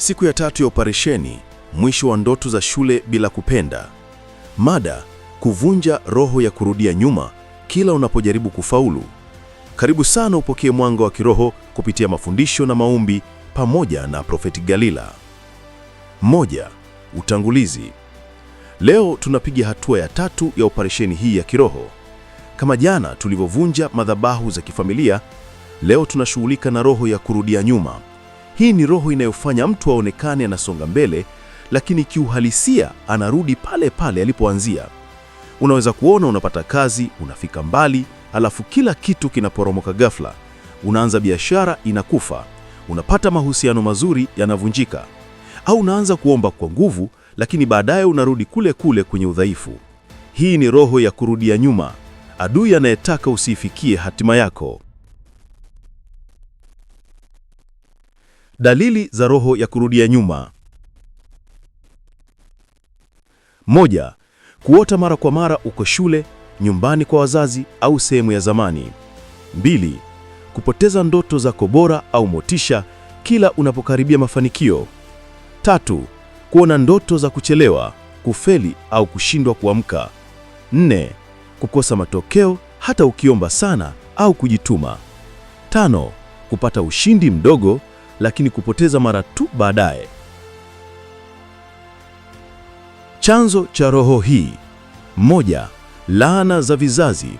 Siku ya tatu ya operesheni, mwisho wa ndoto za shule bila kupenda. Mada: kuvunja roho ya kurudia nyuma kila unapojaribu kufaulu. Karibu sana upokee mwanga wa kiroho kupitia mafundisho na maombi pamoja na profeti Galila. Moja, utangulizi. Leo tunapiga hatua ya tatu ya operesheni hii ya kiroho. Kama jana tulivyovunja madhabahu za kifamilia, leo tunashughulika na roho ya kurudia nyuma. Hii ni roho inayofanya mtu aonekane anasonga mbele, lakini kiuhalisia anarudi pale pale alipoanzia. Unaweza kuona unapata kazi, unafika mbali, alafu kila kitu kinaporomoka ghafla. Unaanza biashara inakufa, unapata mahusiano mazuri yanavunjika, au unaanza kuomba kwa nguvu, lakini baadaye unarudi kule kule kwenye udhaifu. Hii ni roho ya kurudia nyuma, adui anayetaka usiifikie hatima yako. Dalili za roho ya kurudia nyuma. Moja, kuota mara kwa mara uko shule, nyumbani kwa wazazi au sehemu ya zamani. Mbili, kupoteza ndoto zako bora au motisha kila unapokaribia mafanikio. Tatu, kuona ndoto za kuchelewa, kufeli au kushindwa kuamka. Nne, kukosa matokeo hata ukiomba sana au kujituma. Tano, kupata ushindi mdogo lakini kupoteza mara tu baadaye. Chanzo cha roho hii: moja, laana za vizazi.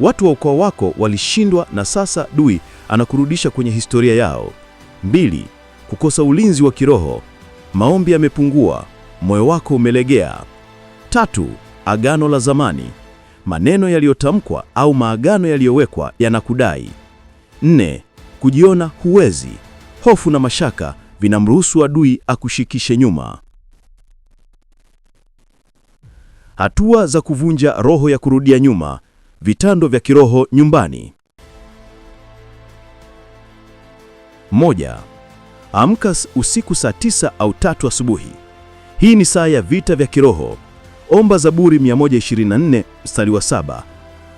Watu wa ukoo wako walishindwa na sasa dui anakurudisha kwenye historia yao. Mbili, kukosa ulinzi wa kiroho. Maombi yamepungua, moyo wako umelegea. Tatu, agano la zamani. Maneno yaliyotamkwa au maagano yaliyowekwa yanakudai. Nne, kujiona huwezi hofu na mashaka vinamruhusu adui akushikishe nyuma. Hatua za kuvunja roho ya kurudia nyuma, vitando vya kiroho nyumbani. Moja, amka usiku saa tisa au tatu asubuhi. Hii ni saa ya vita vya kiroho. Omba Zaburi 124 mstari wa saba,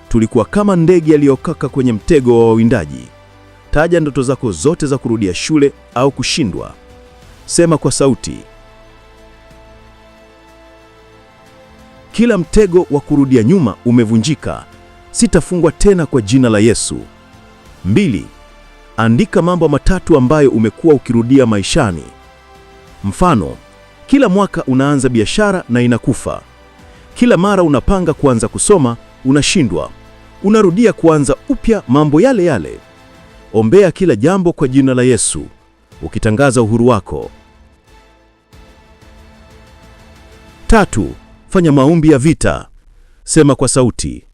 tulikuwa kama ndege aliyokaka kwenye mtego wa wawindaji. Taja ndoto zako zote za kurudia shule au kushindwa. Sema kwa sauti. Kila mtego wa kurudia nyuma umevunjika. Sitafungwa tena kwa jina la Yesu. Mbili, andika mambo matatu ambayo umekuwa ukirudia maishani. Mfano, kila mwaka unaanza biashara na inakufa. Kila mara unapanga kuanza kusoma, unashindwa. Unarudia kuanza upya mambo yale yale. Ombea kila jambo kwa jina la Yesu, ukitangaza uhuru wako. Tatu, fanya maombi ya vita. Sema kwa sauti: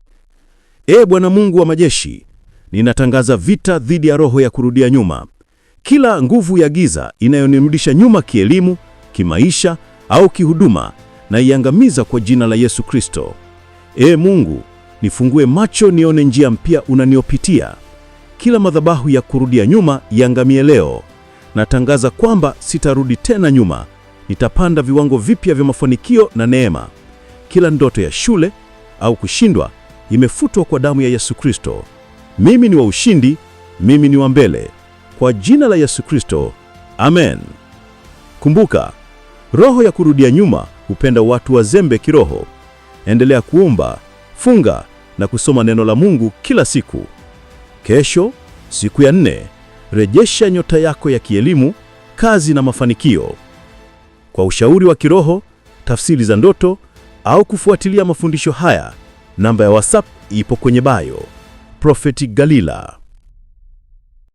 Ee Bwana Mungu wa majeshi, ninatangaza vita dhidi ya roho ya kurudia nyuma, kila nguvu ya giza inayonirudisha nyuma kielimu, kimaisha au kihuduma, na iangamiza kwa jina la Yesu Kristo. Ee Mungu, nifungue macho nione njia mpya unaniopitia kila madhabahu ya kurudia nyuma yangamie leo. Natangaza kwamba sitarudi tena nyuma, nitapanda viwango vipya vya mafanikio na neema. Kila ndoto ya shule au kushindwa imefutwa kwa damu ya Yesu Kristo. Mimi ni wa ushindi, mimi ni wa mbele, kwa jina la Yesu Kristo, amen. Kumbuka, roho ya kurudia nyuma hupenda watu wazembe kiroho. Endelea kuomba, funga na kusoma neno la Mungu kila siku. Kesho, siku ya nne, rejesha nyota yako ya kielimu, kazi na mafanikio. Kwa ushauri wa kiroho, tafsiri za ndoto au kufuatilia mafundisho haya, namba ya WhatsApp ipo kwenye bio. Prophet Galila.